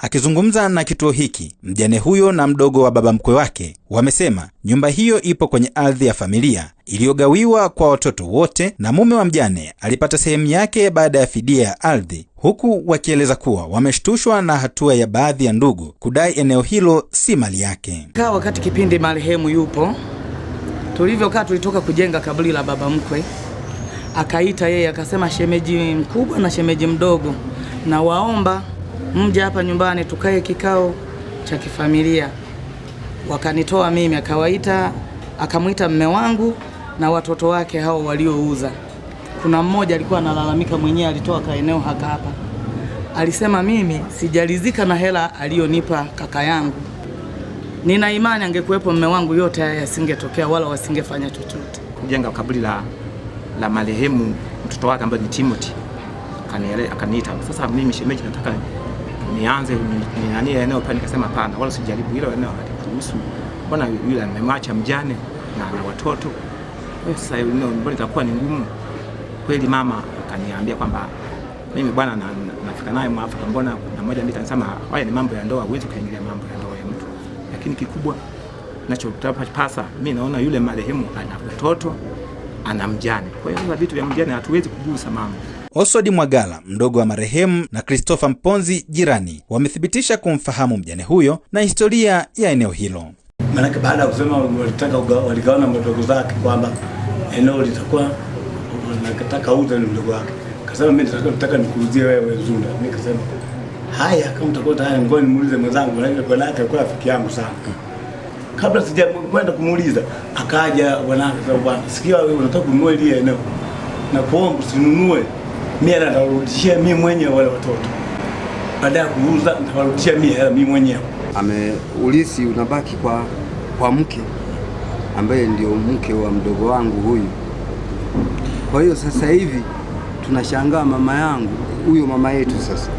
Akizungumza na kituo hiki, mjane huyo na mdogo wa baba mkwe wake wamesema nyumba hiyo ipo kwenye ardhi ya familia iliyogawiwa kwa watoto wote, na mume wa mjane alipata sehemu yake baada ya fidia ya ardhi, huku wakieleza kuwa wameshtushwa na hatua ya baadhi ya ndugu kudai eneo hilo si mali yake. Kaa wakati kipindi marehemu yupo, tulivyokaa tulitoka kujenga kaburi la baba mkwe, akaita yeye akasema, shemeji mkubwa na shemeji mdogo, na waomba mja hapa nyumbani tukae kikao cha kifamilia. Wakanitoa mimi, akawaita akamwita mme wangu na watoto wake hao waliouza. Kuna mmoja alikuwa analalamika mwenyewe, alitoa kaeneo haka hapa, alisema mimi sijalizika na hela aliyonipa kaka yangu. Nina imani angekuwepo mme wangu yote haya yasingetokea, wala wasingefanya chochote. kujenga kaburi la, la marehemu mtoto wake ambaye ni Timothy, akaniita sasa, mimi shemeji, nataka nianze nani eneo pale, nikasema hapana, wala sijaribu hilo eneo halikuhusu. Mbona yule amemwacha mjane na ana watoto? Sasa hilo mbona itakuwa ni ngumu kweli? Mama akaniambia kwamba mimi bwana na, nafika naye mwafaka, mbona na moja mbili. Nikasema haya ni mambo ya ndoa, huwezi kuingilia mambo ya ndoa ya mtu, lakini kikubwa nachopasa mimi naona yule marehemu ana mtoto ana mjane, kwa hiyo vitu vya mjane hatuwezi kugusa mama Oswald Mwagala, mdogo wa marehemu, na Christopher Mponzi, jirani, wamethibitisha kumfahamu mjane huyo na historia ya eneo hilo. Maanake baada ya kusema walitaka waligawana mdogo zake kwamba eneo litakuwa nataka uza ni mdogo wake, kasema mimi nataka nikuuzie wewe Zunda. Nikasema haya, kama utakuwa tayari ngoja nimuulize mwenzangu, lakini kwa lake alikuwa rafiki yangu sana. Kabla sijakwenda kumuuliza, akaja bwana, bwana, sikia, unataka kununua ile eneo na kuomba usinunue mimi nitawarudishia mimi mwenyewe wale watoto, baada ya kuuza nitawarudishia mimi hela mimi mwenyewe. Ameulisi unabaki kwa, kwa mke ambaye ndio mke wa mdogo wangu huyu. Kwa hiyo sasa hivi tunashangaa mama yangu huyo, mama yetu sasa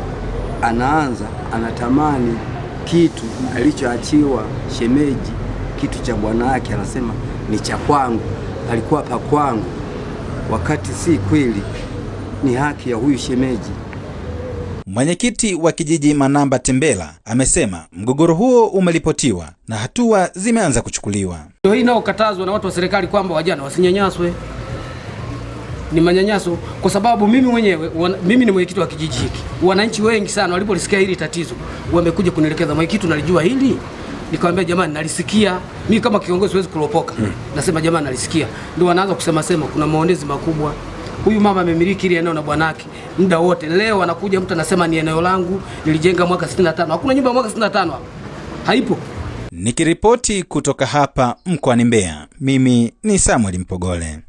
anaanza anatamani kitu alichoachiwa shemeji, kitu cha bwana wake, anasema ni cha kwangu, alikuwa pa kwangu, wakati si kweli ni haki ya huyu shemeji. Mwenyekiti wa kijiji Manamba Tembela amesema mgogoro huo umelipotiwa na hatua zimeanza kuchukuliwa. Ndio hii inayokatazwa na watu wa serikali kwamba wajana wasinyanyaswe, ni manyanyaso, kwa sababu mimi mwenyewe wana, mimi ni mwenyekiti wa kijiji hiki. Wananchi wengi sana walipolisikia hili tatizo wamekuja kunielekeza, mwenyekiti, unalijua hili? Nikamwambia jamani, nalisikia mimi kama kiongozi, siwezi kulopoka, hmm. nasema jamani, nalisikia. Ndio wanaanza kusema sema kuna maonezi makubwa Huyu mama amemiliki ile eneo na bwanake muda wote. Leo anakuja mtu anasema ni eneo langu, nilijenga mwaka 65. Hakuna nyumba ya mwaka 65 hapa, haipo. Nikiripoti kutoka hapa mkoani Mbeya, mimi ni Samuel Mpogole.